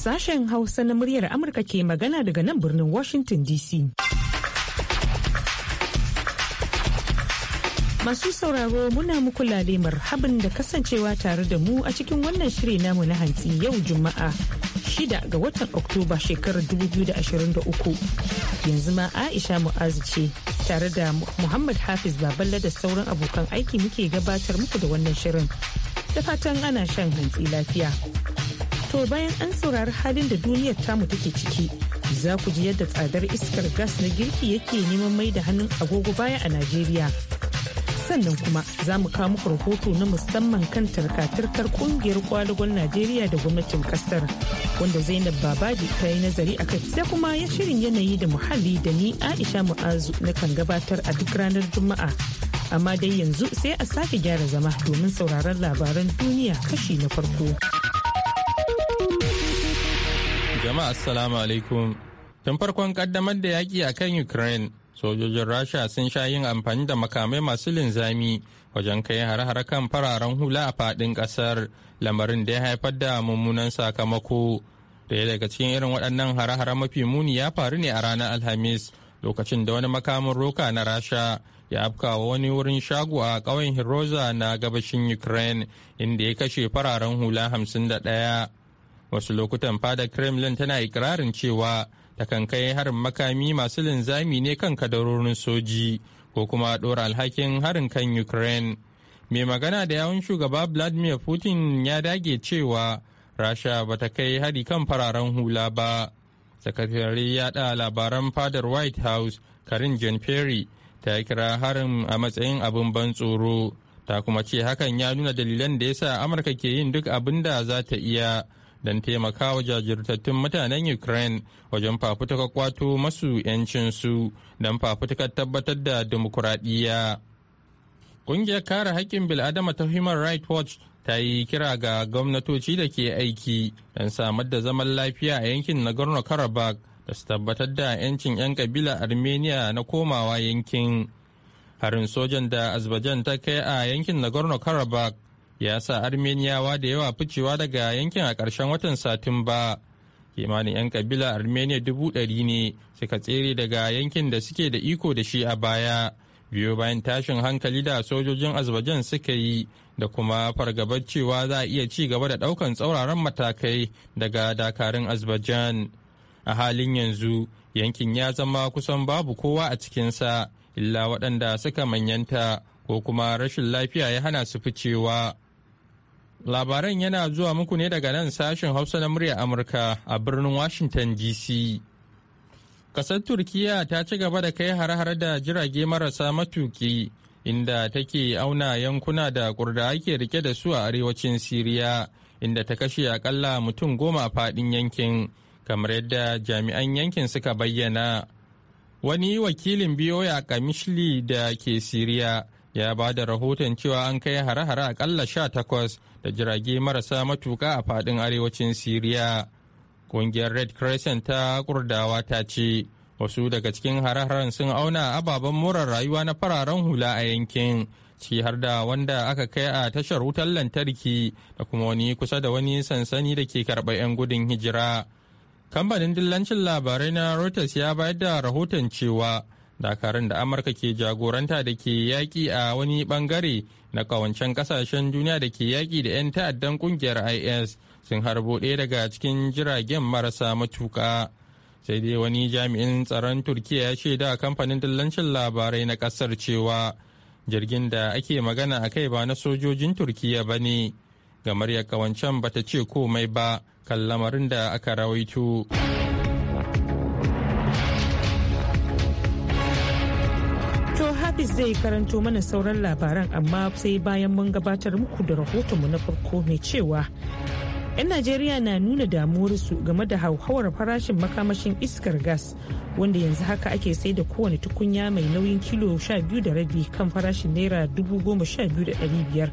Sashen Hausa na muryar Amurka ke magana daga nan birnin Washington DC. Masu sauraro muna muku lalemar habin da kasancewa tare da mu a cikin wannan shiri namu na hantsi yau Juma'a. shida ga watan Oktoba shekarar 2023. Yanzu ma Aisha Mu'azu ce tare da Muhammad Hafiz Baballe da sauran abokan aiki muke gabatar muku da wannan shirin. Da fatan ana shan hantsi lafiya. To bayan an saurari halin da duniyar tamu take ciki, za ku ji yadda tsadar iskar gas na girki yake neman mai da hannun agogo baya a Najeriya. Sannan kuma za mu kawo muku rahoto na musamman kan tarkatarkar kungiyar kwalugon Najeriya da gwamnatin kasar wanda Zainab Babaji ta yi nazari a kai sai kuma ya shirin yanayi da muhalli da ni Aisha Mu'azu na kan gabatar a duk ranar Juma'a. Amma dai yanzu sai a sake gyara zama domin sauraron labaran duniya kashi na farko. Jama'a Assalamu alaikum. Tun farkon kaddamar da yaƙi a kan Ukraine, sojojin Rasha sun sha yin amfani da makamai masu linzami wajen kai har-har kan fararen hula a faɗin ƙasar, lamarin da ya haifar da mummunan sakamako. Daya daga cikin irin waɗannan har-har mafi muni ya faru ne a ranar Alhamis, lokacin da wani makamin roka na Rasha ya afkawa wani wurin shago a ƙauyen Hiroza na gabashin Ukraine, inda ya kashe fararen hula hamsin da ɗaya. wasu lokutan fadar kremlin tana ikirarin cewa takan kai harin makami masu linzami ne kan kadarorin soji ko kuma ɗora alhakin harin kan ukraine mai magana da yawun shugaba vladimir putin ya dage cewa rasha ba ta kai hari kan fararen hula ba sakatare yaɗa labaran fadar white house karin jan perry ta kira harin a matsayin abin ban tsoro ta kuma ce hakan ya nuna dalilan da ya sa amurka ke yin duk abin da za ta iya don taimakawa jajirtattun mutanen Ukraine wajen fafutuka kwato masu 'yancinsu don fafutukar tabbatar da dimokuraɗiyya. Ƙungiyar kare haƙƙin bil'adama ta Human Rights Watch ta yi kira ga gwamnatoci da ke aiki don samar da zaman lafiya a yankin Nagorno-Karabakh da su tabbatar da 'yancin 'yan kabila Armenia na komawa yankin. Harin sojan da Azerbaijan ta kai a yankin Nagorno-Karabakh ya sa armeniyawa da yawa ficewa daga yankin a ƙarshen watan satumba kimanin 'yan kabila armenia dubu ɗari ne suka tsere daga yankin da suke da iko da shi a baya biyo bayan tashin hankali da sojojin azerbaijan suka yi da kuma fargabar cewa za a iya ci gaba da ɗaukan tsauraran matakai daga dakarun azerbaijan a halin yanzu yankin ya zama kusan babu kowa a cikinsa illa waɗanda suka manyanta ko kuma rashin lafiya ya hana su ficewa. Labaran yana zuwa muku ne daga nan sashen Hausa na murya Amurka a birnin Washington DC. Kasar Turkiya ta ci gaba da kai har-har da jirage marasa matuki inda take auna yankuna da kurda ake rike da su a arewacin Siriya inda ta kashe akalla mutum goma a faɗin yankin kamar yadda jami'an yankin suka bayyana. Wani wakilin biyoya Kamishli da ke Siriya ya ba da rahoton cewa an kai hare-hare akalla sha takwas da jirage marasa matuka a fadin arewacin siriya kungiyar red crescent ta kurdawa ta ce wasu daga cikin hare-haren sun auna ababen murar rayuwa na fararen hula a yankin ciki har da wanda aka kai a tashar wutar lantarki da kuma wani kusa da wani sansani da ke karɓar 'yan gudun hijira kamfanin dillancin labarai na reuters ya bayar da rahoton cewa dakarun da amurka ke jagoranta da ke yaƙi a wani bangare na kawancen kasashen duniya da ke yaƙi da 'yan ta'addan ƙungiyar is sun harbo ɗaya daga cikin jiragen marasa matuƙa sai dai wani jami'in tsaron turkiya ya da kamfanin dillancin labarai na ƙasar cewa jirgin da ake magana a kai ba na sojojin turkiya ba ne gamar ya ba ta ce komai ba kan lamarin da aka rawaito. zai karanto mana sauran labaran amma sai bayan mun gabatar muku da rahotonmu na farko mai cewa 'yan najeriya na nuna damuwarsu game da hauhawar farashin makamashin iskar gas wanda yanzu haka ake sai da kowane tukunya mai nauyin kilo rabi kan farashin naira biyar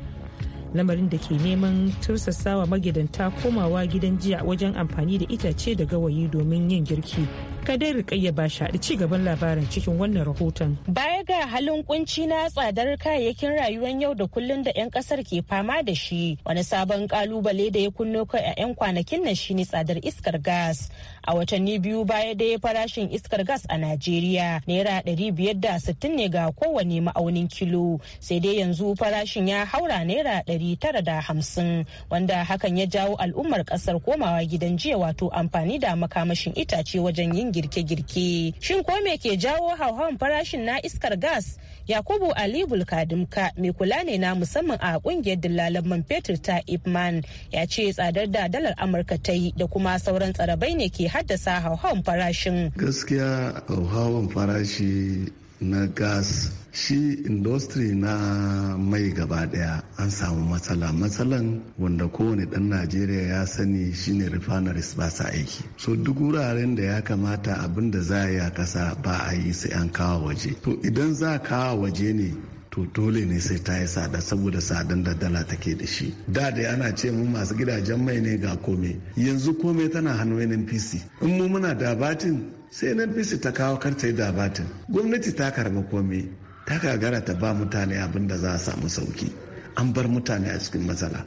lamarin da ke neman tursasawa magidanta komawa gidan jiya wajen amfani da itace da gawayi domin yin girki. kadai rika ya ba shaɗi ci gaban labarin cikin wannan rahoton. Baya ga halin kunci na tsadar kayayyakin rayuwar yau da kullun da 'yan kasar ke fama da shi wani sabon kalubale da ya kunno kai a 'yan kwanakin nan shine tsadar iskar gas. A watanni biyu baya da farashin iskar gas a Najeriya naira ɗari biyar da sittin ne ga kowane ma'aunin kilo sai dai yanzu farashin ya haura naira ɗari tara da hamsin wanda hakan ya jawo al'ummar kasar komawa gidan jiya wato amfani da makamashin itace wajen yin girke-girke. Shin ko me ke jawo hauhawan farashin na iskar gas? Yakubu Ali Bulkadumka mai kula ne na musamman a kungiyar dillalan man fetur ta Ipman ya ce tsadar da dalar Amurka ta yi da kuma sauran tsarabai ne ke haddasa hauhawan farashin. Gaskiya hauhawan farashi na gas shi industry na mai gaba daya an samu matsala matsalan wanda kowane dan najeriya ya sani shine refineries ba sa aiki so duk wuraren da ya kamata abin da za a yi a kasa ba a yi sai an kawo waje to idan za a kawo waje ne to dole ne sai ta yi tsada saboda sadan da dala take da shi da da ana ce mu masu gidajen mai ne ga kome yanzu kome tana hannun npc in mu muna da batin sai nnpc ta kawo karta yi dabatin gwamnati ta karba komai ta gara ta ba mutane abin da za a samu sauki an bar mutane a cikin matsala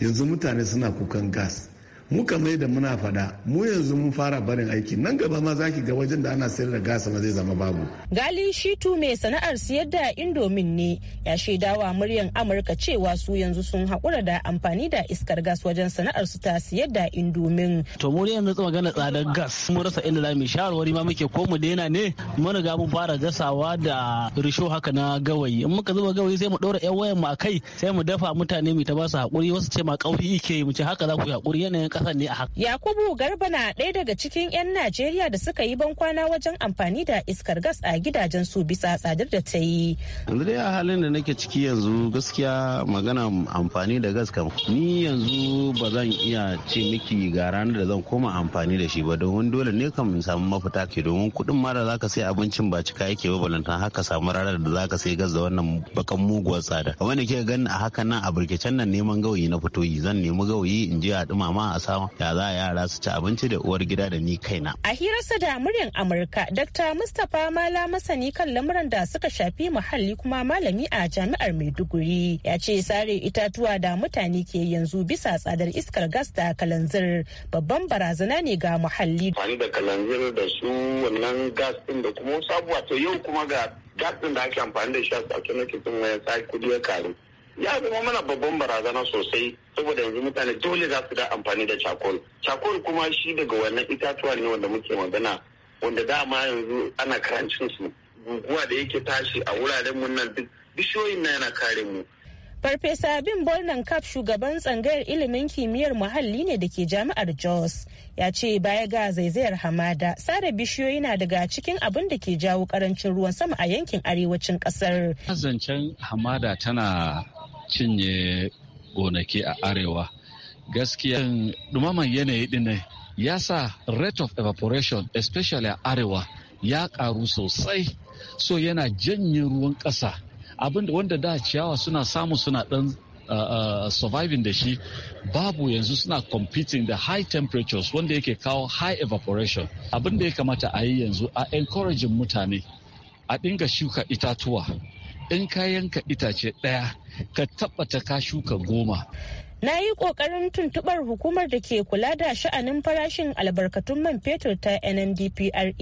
yanzu mutane suna kukan gas muka mai da muna fada mu yanzu mun fara barin aiki nan gaba ma zaki ga wajen da ana sayar da gasa ma zai zama babu gali shitu mai sana'ar siyar da indomin ne ya shaidawa muryan amurka cewa su yanzu sun haƙura da amfani da iskar gas wajen sana'ar su ta siyar da indomin to mu yanzu tsoma gana tsadar gas mu rasa inda za mu shawarwari ma muke ko mu daina ne mun riga mun fara gasawa da risho haka na gawayi in muka zuba gawayi sai mu ɗora yan wayan mu a kai sai mu dafa mutane mu ta ba su haƙuri wasu ce ma ƙauri ike mu ce haka za ku yi haƙuri yanayin kasar ne a haka. Yakubu Garba na ɗaya daga cikin 'yan Najeriya da suka yi bankwana wajen amfani da iskar gas a gidajen su bisa tsadar da ta yi. Yanzu dai a halin da nake ciki yanzu gaskiya magana amfani da gas kam. Ni yanzu ba zan iya ce miki ga ranar da zan koma amfani da shi ba domin dole ne kam in samu mafita ke domin kuɗin ma da ka sai abincin ba cika yake ba haka samu ranar da za ka sai gas da wannan bakan muguwar tsada. Kamar da kika gani a hakan nan a burkicen nan neman gawayi na fito yi zan nemi gawayi in je a ɗumama a samu ya za yara su ci abinci da uwar gida da ni kaina. A hirarsa da muryan Amurka, Dr. Mustapha Mala masani kan lamuran da suka shafi muhalli kuma malami a jami'ar Maiduguri ya ce sare itatuwa da mutane ke yanzu bisa tsadar iskar gas da kalanzir babban barazana ne ga muhalli. Amfani da kalanzir da su wannan gas ɗin da kuma sabuwa to yau kuma ga gas ɗin da ake amfani da shi a tsakanin na kitin waya sa kudi ya karu. ya zama mana babban barazana sosai saboda yanzu mutane dole za su da amfani da cakol cakol kuma shi daga wannan itatuwa ne wanda muke magana wanda dama yanzu ana karancin su guguwa da yake tashi a wuraren mu nan duk bishiyoyin na yana kare mu Farfesa Bin Bolnan Kaf shugaban tsangayar ilimin kimiyyar muhalli ne da ke jami'ar Jos ya ce baya ga zaizayar hamada sare bishiyoyi na daga cikin abin da ke jawo karancin ruwan sama a yankin arewacin kasar. Zancen hamada tana cinye gonaki a arewa gaskiya dumaman yanayi din ya sa rate of evaporation especially a arewa ya karu sosai so yana janye ruwan ƙasa abinda wanda da ciyawa suna samu suna dan Uh, surviving da shi babu yanzu suna competing da high temperatures wanda yake kawo high evaporation abinda ya kamata a yi yanzu a encouraging mutane a dinga shuka itatuwa in ka yanka itace ɗaya ka tabbata ka shuka goma na yi kokarin tuntubar hukumar da ke kula da sha'anin farashin albarkatun man fetur ta nndpra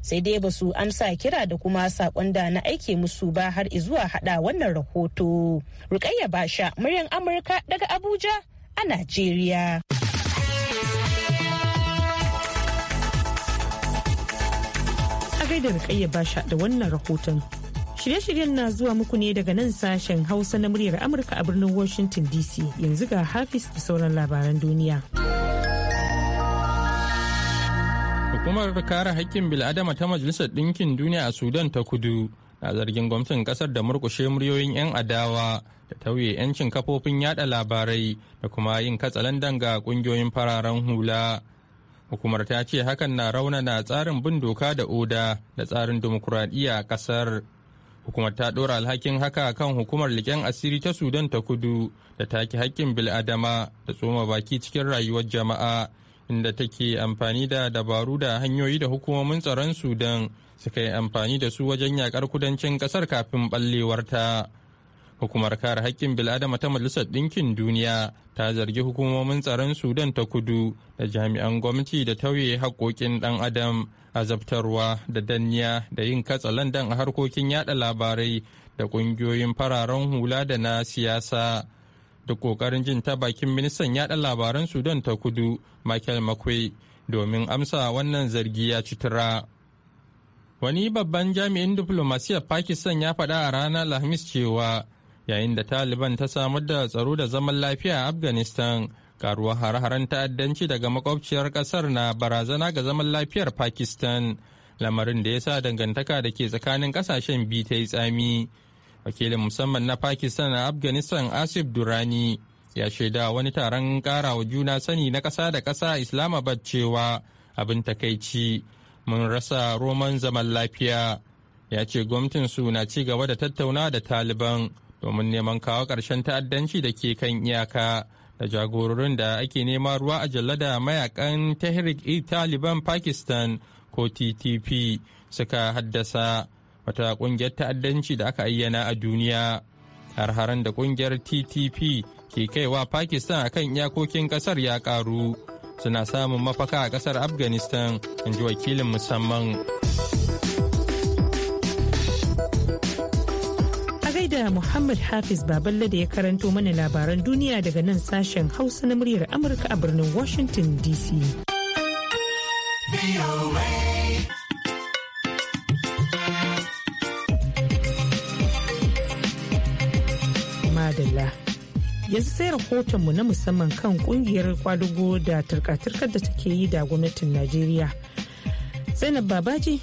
sai dai ba su amsa kira da kuma sakon da na aike musu ba har zuwa hada wannan rahoto rukayya basha muryan amurka daga abuja a najeriya a gaida rukayya basha da wannan rahoton Shirye-shiryen na zuwa muku ne daga nan sashen Hausa na muryar Amurka a birnin Washington DC yanzu ga Hafiz da sauran labaran duniya. Hukumar kare haƙƙin bil'adama ta Majalisar Ɗinkin Duniya a Sudan ta kudu na zargin gwamnatin ƙasar da murƙushe muryoyin 'yan adawa da tauye 'yancin kafofin yada labarai da kuma yin katsalandan ga ƙungiyoyin fararen hula. Hukumar ta ce hakan na raunana tsarin bin doka da oda da tsarin dimokuraɗiyya a ƙasar. hukumar ta ɗora alhakin haka kan hukumar liƙen asiri ta sudan ta kudu da take haƙƙin bil'adama da tsoma baki cikin rayuwar jama'a inda take amfani da dabaru da hanyoyi da hukumomin tsaron sudan suka yi amfani da su wajen yakar kudancin ƙasar kafin ɓallewarta hukumar kare haƙƙin bil'adama ta majalisar ɗinkin duniya ta zargi hukumomin tsaron sudan ta kudu da jami'an gwamnati da tauye haƙoƙin ɗan adam azabtarwa da danniya da yin katsalandan a harkokin yada labarai da ƙungiyoyin fararen hula da na siyasa da ƙoƙarin jin ta bakin ministan yada labaran sudan ta kudu michael makwai domin amsa wannan zargi ya citira. Wani babban jami'in diflomasiyyar Pakistan ya faɗa a ranar Alhamis cewa yayin da taliban ta samar da tsaro da zaman lafiya a afghanistan karuwar hare-haren ta'addanci daga makwabciyar kasar na barazana ga zaman lafiyar pakistan lamarin da ya sa dangantaka da ke tsakanin kasashen biyu ta yi tsami wakilin musamman na pakistan a afghanistan asif durani ya shaida wani taron karawa juna sani na kasa da kasa islamabad cewa abin takaici mun rasa roman zaman lafiya ya ce gwamnatin su na ci gaba da tattauna da taliban domin neman kawo ƙarshen ta'addanci da ke kan iyaka da jagororin da ake nema ruwa a jallada mayakan tehrik e taliban pakistan ko ttp suka haddasa wata kungiyar ta'addanci da aka ayyana a duniya harharen da kungiyar ttp ke kaiwa pakistan akan iyakokin kasar ya karu suna samun mafaka a kasar afghanistan in ji wakilin musamman da Muhammad Hafiz Baballe da ya karanto mana labaran duniya daga nan sashen Hausa na muryar Amurka a birnin Washington DC. Madalla. Yanzu sai rahotonmu na musamman kan kungiyar kwadugo da turka-turkar da take yi da gwamnatin Najeriya. Zainab Babaji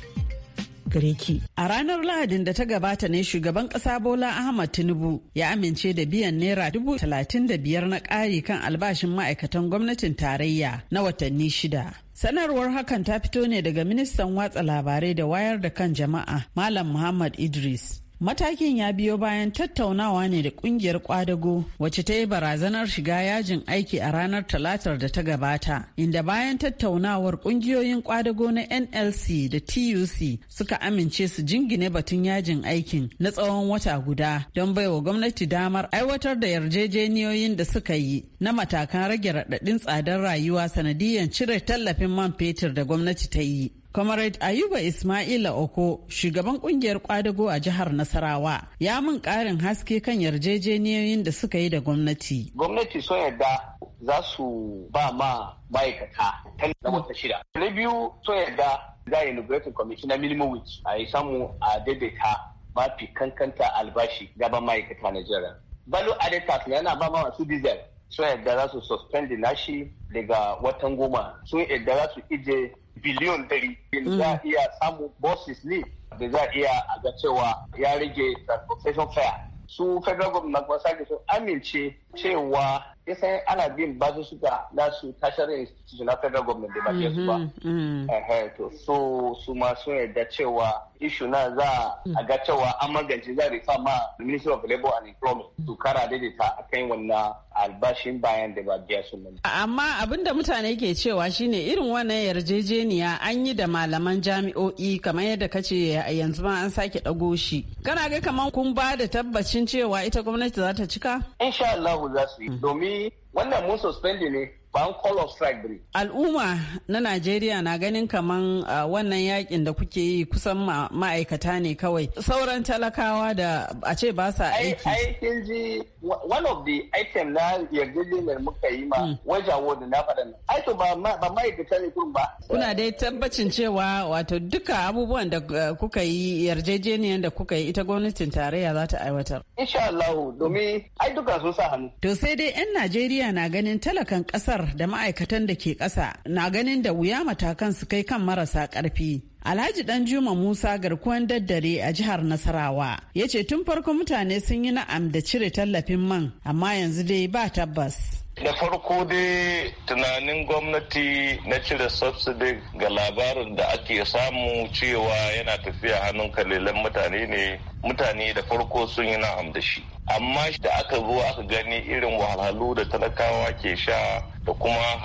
gare A ranar Lahadin da ta gabata ne shugaban ƙasa Bola Ahmad Tinubu ya amince da biyan naira dubu talatin da biyar na ƙari kan albashin ma'aikatan gwamnatin tarayya na watanni shida. Sanarwar hakan ta fito ne daga ministan watsa labarai da wayar da kan jama'a Malam Muhammad Idris. Matakin ya biyo bayan tattaunawa ne da kungiyar kwadago wacce ta yi barazanar shiga yajin aiki a ranar talatar da ta gabata inda bayan tattaunawar kungiyoyin kwadago na NLC da TUC suka amince su jingine batun yajin aikin na tsawon wata guda don bai wa gwamnati damar aiwatar da yarjejeniyoyin da suka yi na matakan rage raɗaɗin tsadar rayuwa sanadiyan cire tallafin man fetur da gwamnati ta yi. Comrade Ayuba Ismaila Oko, shugaban kungiyar kwadago a jihar Nasarawa, ya min ƙarin haske kan yarjejeniyoyin da suka yi da gwamnati. Gwamnati sun yarda za su ba ma ma'aikata ta da wata shida. Na biyu sun yarda za a yi commission na minimum wage a yi samu a daidaita mafi kankanta albashi gaban ma'aikata na jihar. Balo added tax yana ba ma masu diesel sun yarda za su suspend nashi daga watan goma sun yarda za su ije biliyon ɗari za a mm. iya samu bosses ne da za a iya a ga cewa ya rage transportation fare su federal government na kwasa sun amince cewa ya san ana bin basu suka na su tashar institution na federal government da ba su ba mm-hmm, mm-hmm. so su ma sun yarda cewa issue na za mm. a ga cewa an magance za a ma Ministry of Labor and Employment su kara daidaita a kan wannan albashin bayan da ba biya su Amma abin da mutane ke cewa shine irin wannan yarjejeniya an yi da malaman jami'o'i kamar yadda ka ce yanzu ma an sake ɗago shi. Kana ga kamar kun ba da tabbacin cewa ita gwamnati za ta cika? Insha Allah za su yi mm. domin wannan mun suspendi ne ban call of strike bane. Al'umma na Najeriya na ganin kaman uh, wannan yakin da kuke yi kusan ma'aikata ne kawai. Sauran talakawa da a ce ba sa aiki. Ai, kin ji one of the item na yarjejeniyar muka yi ma hmm. waja da na faɗa Ai, to ba ma'aikata ne kun ba. Kuna dai tabbacin cewa wato duka abubuwan da uh, kuka yi yarjejeniyar da kuka yi ita gwamnatin tarayya za ta aiwatar. Insha Allah domin ai duka sun sa hannu. To sai dai 'yan Najeriya na ganin talakan ƙasar kasar da ma'aikatan da ke ƙasa na ganin da wuya matakan su kai kan marasa ƙarfi. Alhaji Danjuma Musa garkuwan daddare a jihar Nasarawa ya ce tun farko mutane sun yi na'am da cire tallafin man amma yanzu dai ba tabbas. Na farko dai tunanin gwamnati na cire subsidy ga labarin da ake samu cewa yana tafiya hannun kalilan mutane ne mutane da farko sun yi na'am da shi. Amma da aka zo aka gani irin wahalhalu da talakawa ke sha da kuma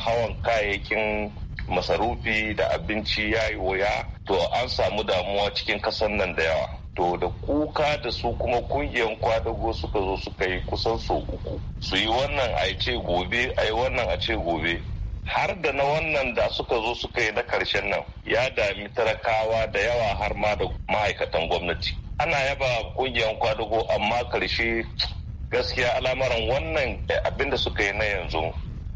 hawan kayayyakin masarufi da abinci ya yi wuya to an samu damuwa cikin kasan nan da yawa. to da kuka da su kuma kungiyan kwadago suka zo suka yi kusan so uku su yi wannan a ce gobe a yi wannan a ce gobe har da na wannan da suka zo suka yi na karshen nan ya dami talakawa da yawa har ma da ma'aikatan gwamnati ana yaba kungiyan kwadago amma karshe gaskiya alamaran wannan abin da suka yi na yanzu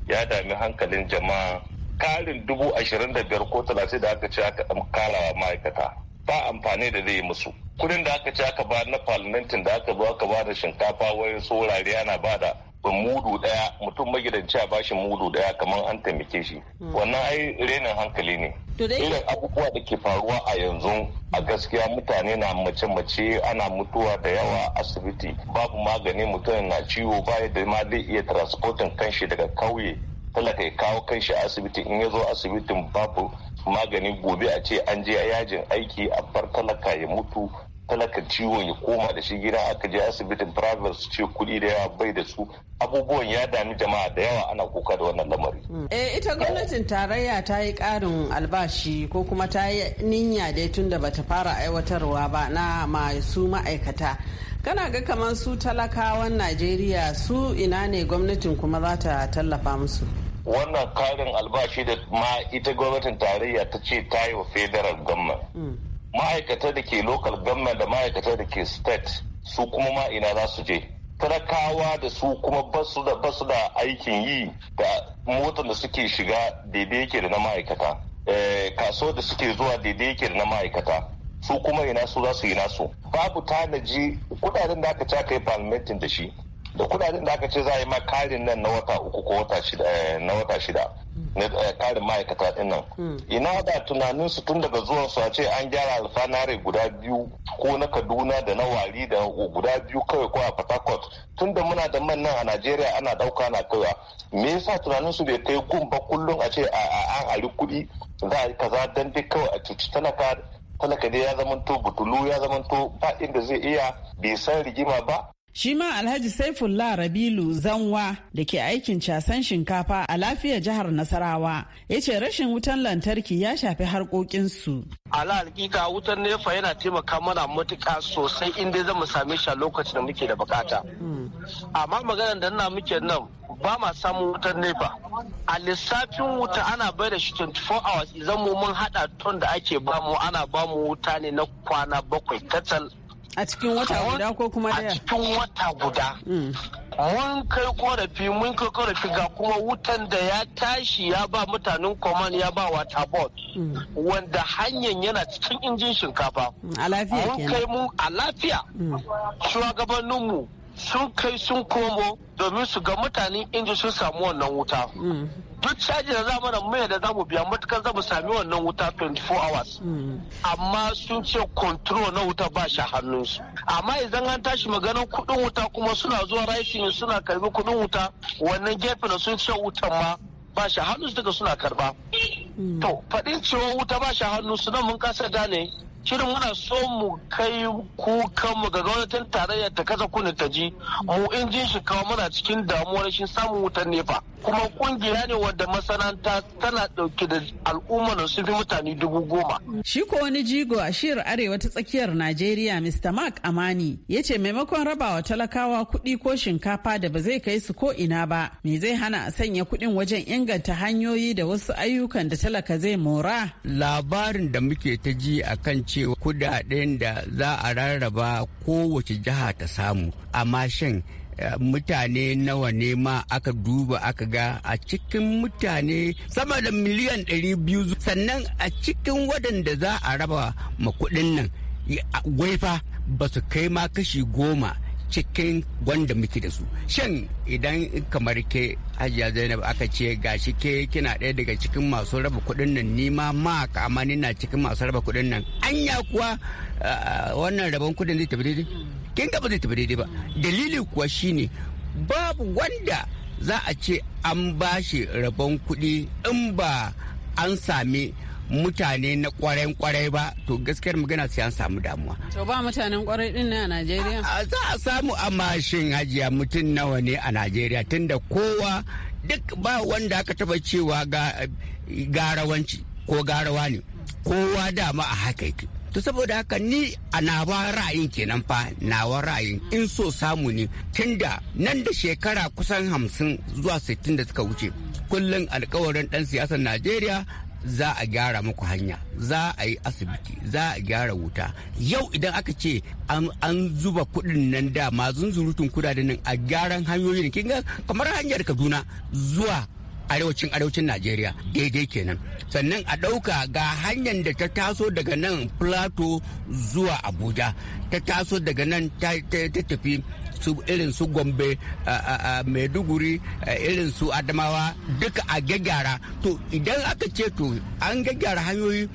ya dami hankalin jama'a karin dubu ashirin da biyar ko talatin da aka ce aka kalawa ma'aikata ba amfani da zai musu kudin da aka ce aka ba na parliamentin da aka ba aka ba da shinkafa wayan saurari ana ba da mudu daya mutum magidanci a bashi mudu daya kamar an taimake shi hmm. wannan ai renin hankali ne irin abubuwa da ke faruwa a yanzu a gaskiya mutane na mace-mace ana mutuwa da yawa asibiti babu magani mutum na ciwo ba da ma zai iya transportin kanshi daga kauye talaka ya kawo kan shi asibiti in ya zo asibitin babu magani gobe a ce an je yajin aiki a bar talaka ya mutu talaka ciwon ya koma da shi gida aka je asibitin private su ce kuɗi da yawa bai da su abubuwan ya dami jama'a da yawa ana kuka da wannan lamari. eh ita gwamnatin tarayya ta yi ƙarin albashi ko kuma ta yi niyya dai tun da bata fara aiwatarwa ba na masu ma'aikata. kana ga kamar su talakawan najeriya su ina ne gwamnatin kuma za ta tallafa musu wannan karin albashi da ma ita gwamnatin tarayya ta ce ta yi wa federal gamma ma'aikata da ke local gamma da ma'aikata da ke state su kuma ma ina za su je talakawa da su kuma basu da basu da aikin yi da motar da suke shiga daidai yake da na ma'aikata eh, kaso da suke zuwa daidai yake da na ma'aikata su kuma ina su za su yi nasu babu tanaji kudaden da aka ce aka yi parliamentin da shi da kudaden da aka ce za a yi ma karin nan na wata uku ko wata shida eh, na wata shida na eh, karin ma'aikata din nan hmm. ina da tunanin su tun daga zuwan su a ce an gyara alfanare guda biyu ko na kaduna da na wari da guda biyu kawai ko a port tun da muna da man nan a najeriya ana dauka na kaiwa me yasa tunanin su bai kai gun ba kullum a ce a an ari kudi za a yi kaza dan dai kawai a cuci talaka talaka dai ya zamanto butulu ya zamanto ba inda zai iya bai san rigima ba Shi ma Alhaji Saifullah Rabilu Zanwa da ke aikin casan shinkafa a lafiyar jihar Nasarawa ya ce rashin wutan lantarki ya shafi harkokinsu. Ala hakika wutan nefa yana taimaka mana matuka sosai inda zan mu same shi a lokacin da muke da bukata. Amma maganar da nuna muke nan ba ma samun wutan nefa. A lissafin wuta ana bai da shi 24 hours idan mu mun hada ton da ake bamu ana bamu wuta ne na kwana bakwai kacal a cikin wata guda ko kuma daya a cikin wata guda mm. mun kai korafi mun kai korafi ga kuma wutan da ya tashi ya ba mutanen command ya ba wata board mm. wanda hanyar yana cikin injin shinkafa mm. a lafiya kenan mun kai mun a lafiya shugabanninmu sun kai sun komo domin su ga mutane inji sun samu wannan wuta mm. duk caji da zamana mai da zamu biya matukar mu sami wannan wuta 24 hours mm. amma sun ce control na wuta ba shi hannunsu amma idan an tashi maganar kudin wuta kuma suna zuwa rashin suna karbi kudin wuta wannan gefe na sun ce wutan ma ba shi hannunsu daga suna karba mm. to faɗin cewa wuta ba shi hannunsu nan mun kasa gane shirin muna so mu kai kukan mu ga gwamnatin tarayya ta kasa kuna ta ji mu in jin shi kawo muna cikin damuwar shi samun wutar nefa kuma kungiya ne wadda masana'anta tana dauke da al'umma da sun fi mutane dubu goma. Shi ko wani jigo a shiyar arewa ta tsakiyar Najeriya Mr. Mark Amani ya ce maimakon rabawa talakawa kuɗi ko shinkafa da ba zai kai su ko ina ba me zai hana a sanya kuɗin wajen inganta hanyoyi da wasu ayyukan da talaka zai mora. Labarin da muke ta ji a kan cewa kudaden da za a rarraba kowace jiha ta samu amma shin Eh, mutane nawa ne ma aka duba aka ga a cikin mutane sama da miliyan 200 sannan a cikin waɗanda za a raba ma kuɗin nan gwaifa ba su kai ma kashi goma cikin gwanda muke da su shan idan kamar ke hajiya zainab aka ce gashi ke kina ɗaya daga cikin masu raba kuɗin nan ni ma ma na cikin masu raba kuɗin nan anya kuwa eh, wannan rabon kuɗin zai tafi daidai kin ga zai tafi daidai ba dalili kuwa shine babu wanda za a ce an bashi rabon kuɗi in ba an sami mutane na kwarai kwarai ba to gaskiyar magana sai an samu damuwa to ba mutanen kwarai din ne a Najeriya za a samu amma shin hajiya mutum nawa ne a Najeriya tunda kowa duk ba wanda aka taba cewa ga garawanci ko garawa ne kowa dama a haka yake to saboda haka ni a nawa ra'ayin kenan fa nawa ra'ayin in so samu ne tunda nan da shekara kusan hamsin zuwa sittin da suka wuce kullum alkawarin dan siyasar najeriya za a gyara muku hanya za a yi asibiti za a gyara wuta yau idan aka ce an zuba kuɗin nan da mazun zurutun kudaden nan a gyaran hanyoyin kin ga kamar hanyar kaduna zuwa arewacin arewacin najeriya daidai kenan sannan a ɗauka ga hanyar da ta taso daga nan plateau zuwa abuja ta taso daga nan ta tafi su irin su gombe maiduguri irin su adamawa duka a gaggara to idan aka ce to an gaggara hanyoyi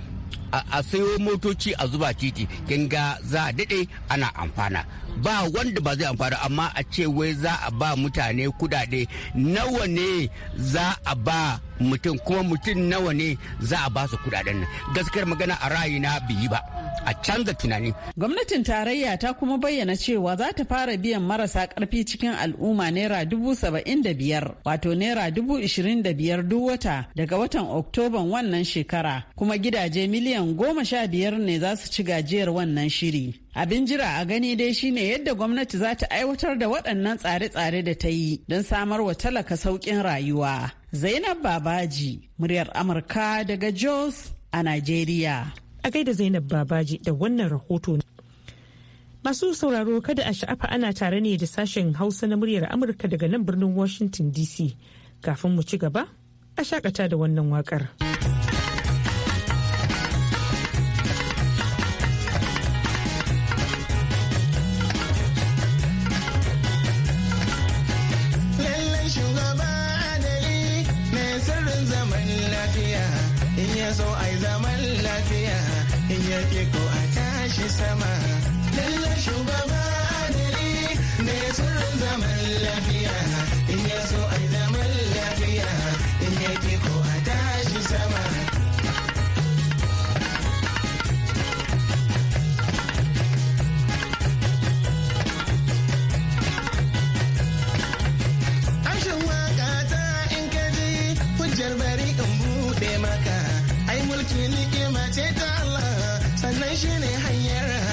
a sayo motoci a zuba titi kin ga za a daɗe ana amfana ba wanda ba zai amfana amma a ce wai za a ba mutane kudade nawa ne za a ba mutum kuma mutum nawa ne za a ba su kudaden nan gaskiyar magana a rayu na biyi ba a canza tunani. Gwamnatin tarayya ta kuma bayyana cewa za ta fara biyan marasa karfi cikin al'umma naira dubu saba'in da biyar wato naira dubu ishirin da biyar duk wata daga watan oktoban wannan shekara kuma gidaje miliyan goma sha biyar ne za su ci gajiyar wannan shiri. Abin jira a gani dai shine yadda gwamnati za ta aiwatar da waɗannan tsare-tsare da ta yi don samar wa talaka sauƙin rayuwa. Zainab Babaji, muryar Amurka daga Jos a Najeriya. a gaida Zainab Babaji da wannan rahoto. Masu sauraro kada a sha'afa ana tare ne da sashen Hausa na muryar Amurka daga nan birnin Washington DC. Kafin mu ci gaba, a shakata da wannan waƙar. hanyar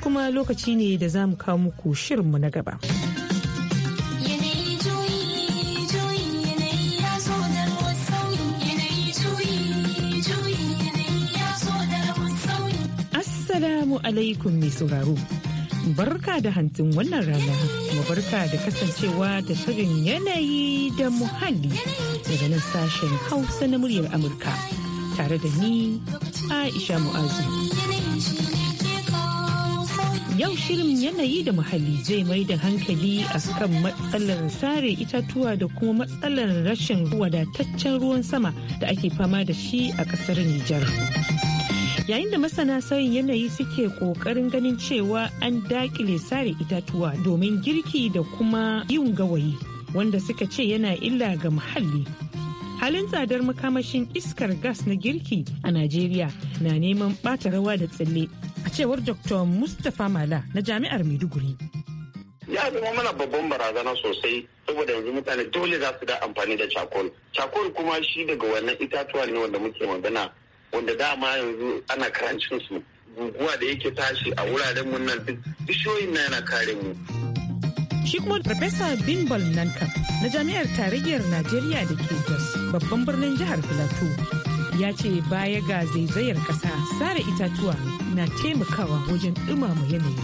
kuma lokaci ne da za mu kawo muku shirinmu na gaba. Assalamu alaikum mai sauraro. Barka da hantin wannan rana, kuma barka da kasancewa da shirin yanayi da muhalli daga nan sashen Hausa na muryar Amurka tare da ni Aisha Mu'azu. Yau shirin yanayi da muhalli zai mai da hankali a kan matsalar sare itatuwa da kuma matsalar rashin wadataccen ruwan sama da ake fama da shi a kasar Nijar. yayin da masana sauyin yanayi suke kokarin ganin cewa an dakile sare itatuwa domin girki da kuma yin gawayi wanda suka ce yana illa ga muhalli halin tsadar makamashin iskar gas na girki a najeriya na neman bata rawa da tsalle a cewar dr mustapha mala na jami'ar maiduguri ya zama mana babban barazana sosai saboda yanzu mutane dole za su da amfani da cakol cakol kuma shi daga wannan itatuwa ne wanda muke magana wanda dama yanzu ana karancin su guguwa da yake tashi a wuraren mun nan bishiyoyin na yana kare mu shi kuma farfesa bimbal nanka na jami'ar tarayyar najeriya da ke jos babban birnin jihar filato ya ce baya ga zaizayar ƙasa sare itatuwa na taimakawa wajen ɗumama yanayi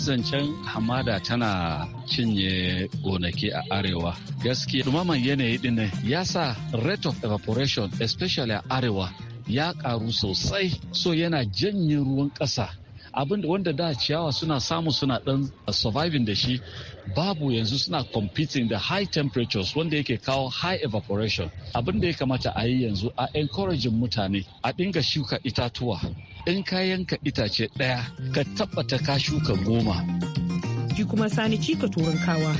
zancen hamada tana cinye gonaki a arewa gaskiya dumaman yanayi din ya sa rate of evaporation especially a arewa ya karu sosai so yana janye ruwan ƙasa abinda wanda da ciyawa suna samu suna dan surviving da shi babu yanzu suna competing da high temperatures wanda yake kawo high evaporation abinda ya kamata a yi yanzu a encouraging mutane a dinga shuka itatuwa in ka itace daya ka tabbata ka shuka goma ki kuma sani cika kawa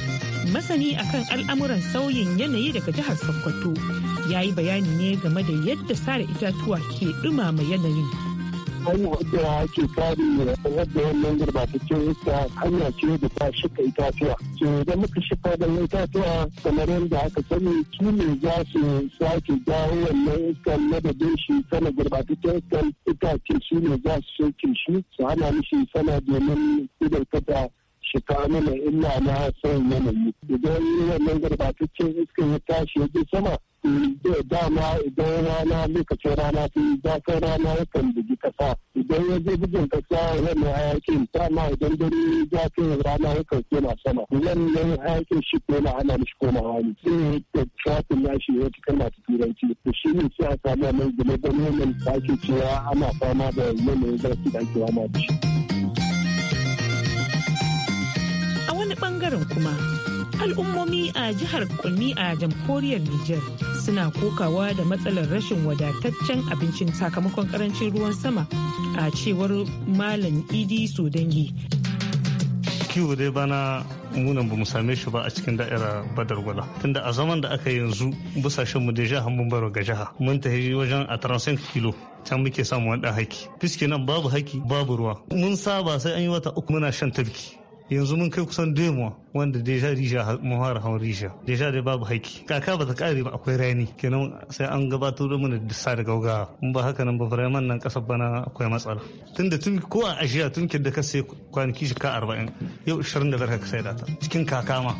masani akan al'amuran sauyin yanayi daga jihar sokoto ya yi bayani ne game da yadda sare itatuwa ke dumama yanayin hanya wadda ake kare wadda wannan gurbataccen iska hanya ce da ta shika itatuwa so idan muka shika da itatuwa kamar yadda aka sani su ne za su sake jawo wannan iskan madadin shi sana gurbataccen iskan itace su ne za su soke shi su hana mishi sana domin idan kada shika mana illa na son yanayi idan wannan gurbataccen iskan ya tashi ya sama dama idan rana lokacin rana ta zafin rana yakan bugi kasa idan ya je bugin kasa wannan hayakin dama idan dare zafin rana yakan koma sama wannan hayakin shi koma ana mishi koma wani sai da trafin nashi ya ci kalma ta turanci to shi ne sai a samu mai gine gwamnatin da ake cewa ana fama da yanayin zafi da ake fama da shi. A wani bangaren kuma al'ummomi a jihar kwami a jamhuriyar niger suna kokawa da matsalar rashin wadataccen abincin sakamakon karancin ruwan sama a cewar malam idi sodangi kiwo dai bana munan mu same shi ba a cikin da'ira gula tunda a zaman da aka yanzu busashen mu da jiha mun baro ga jiha mun tafi wajen a 35 kilo can muke samu wanda haki fiske nan babu haki babu ruwa mun saba sai an yi wata uku muna shan tafki yanzu mun kai kusan demo wanda deja risha mun fara hawan risha deja dai babu haiki kaka ba ta kare ba akwai rani kenan sai an gabatar da mana sa da gaugawa in ba haka nan ba man nan kasar bana akwai matsala tunda tun ko a ajiya tun kidda ka sai kwanaki shi ka arba'in yau 29 ka sai data cikin kakama.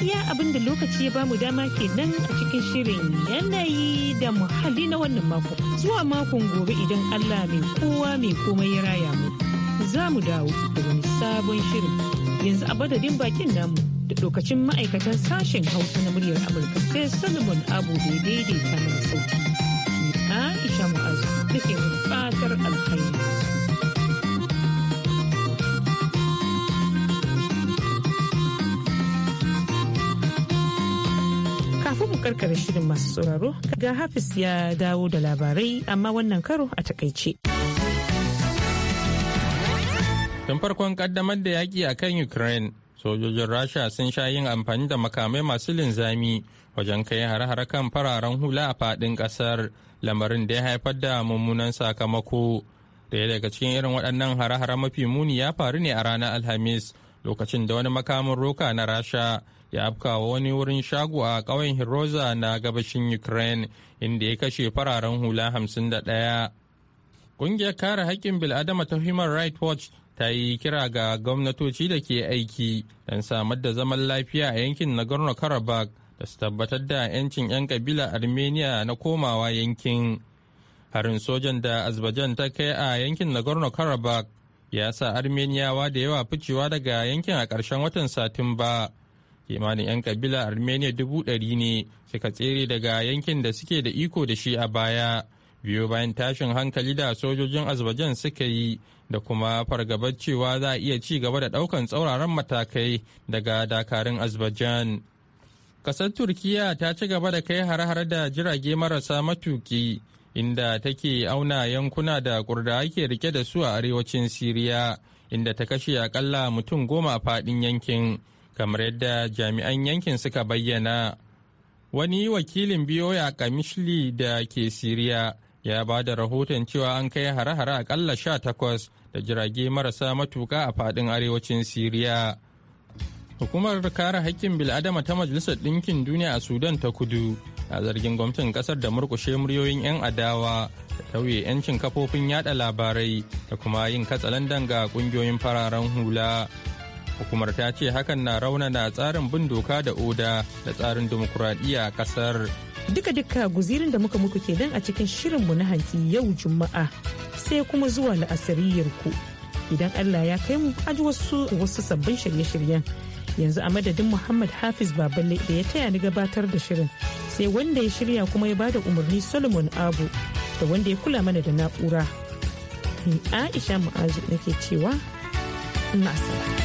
iya abin da lokaci ya bamu dama kenan a cikin shirin yanayi da muhalli na wannan mako zuwa makon gobe idan allah mai kowa mai komai ya raya mu za mu dawo da wani sabon shirin yanzu a badadin bakin namu da lokacin ma'aikatan sashen hausa na muryar amurka sai solomon abu da daidaita mana sauti aisha mu'azu da ke fatar alkhairi Kafin mu karkare shirin masu sauraro, ga Hafiz ya dawo da labarai amma wannan karo a takaice. Tun farkon kaddamar da yaƙi a kan Ukraine, sojojin Rasha sun sha yin amfani da makamai masu linzami wajen kai har-har kan fararen hula a faɗin ƙasar, lamarin da ya haifar da mummunan sakamako. Daya daga cikin irin waɗannan har-hara mafi muni ya faru ne a ranar Alhamis, lokacin da wani makamin roka na Rasha ya afkawa wani wurin shago a ƙauyen Hiroza na gabashin Ukraine inda ya kashe fararen hula 51. Ƙungiyar kare haƙƙin bil'adama ta Human Rights Watch ta yi kira ga gwamnatoci da ke aiki don samar da zaman lafiya a yankin Nagorno-Karabakh da su tabbatar da 'yancin 'yan kabila Armenia na komawa yankin. Harin sojan da Azerbaijan ta kai a yankin Nagorno-Karabakh ya sa Armeniyawa da yawa ficewa daga yankin a ƙarshen watan Satumba. kimanin 'yan kabila armenia dubu ɗari ne suka tsere daga yankin da suke da iko da shi a baya biyo bayan tashin hankali da sojojin azerbaijan suka yi da kuma fargabar cewa za a iya ci gaba da ɗaukan tsauraran matakai daga dakarun azerbaijan kasar turkiya ta ci gaba da kai har-har da jirage marasa matuki inda take auna yankuna da kurda ake rike da su a arewacin siriya inda ta kashe akalla mutum goma a faɗin yankin kamar yadda jami'an yankin suka bayyana wani wakilin biyoya kamishli da ke siriya ya ba da rahoton cewa an kai hare-hare akalla sha takwas da jirage marasa matuka a fadin arewacin siriya hukumar kare hakkin bil'adama ta majalisar ɗinkin duniya a sudan ta kudu a zargin gwamnatin ƙasar da murkushe muryoyin 'yan adawa da tauye 'yancin kafofin yada labarai da kuma yin katsalandan ga ƙungiyoyin fararen hula Hukumar ta ce hakan na raunana tsarin bin doka da oda da tsarin dimokuraɗiyya a ƙasar. Duka-duka guzirin da muka muku kenan a cikin shirin mu na hantsi yau Juma'a sai kuma zuwa la'asariyar ku. Idan Allah ya kai mu aji wasu wasu sabbin shirye-shiryen. Yanzu a madadin Muhammad Hafiz Baballe da ya taya ni gabatar da shirin sai wanda ya shirya kuma ya bada umarni Solomon Abu da wanda ya kula mana da na'ura. Ni Aisha Mu'azu nake cewa, Nasara.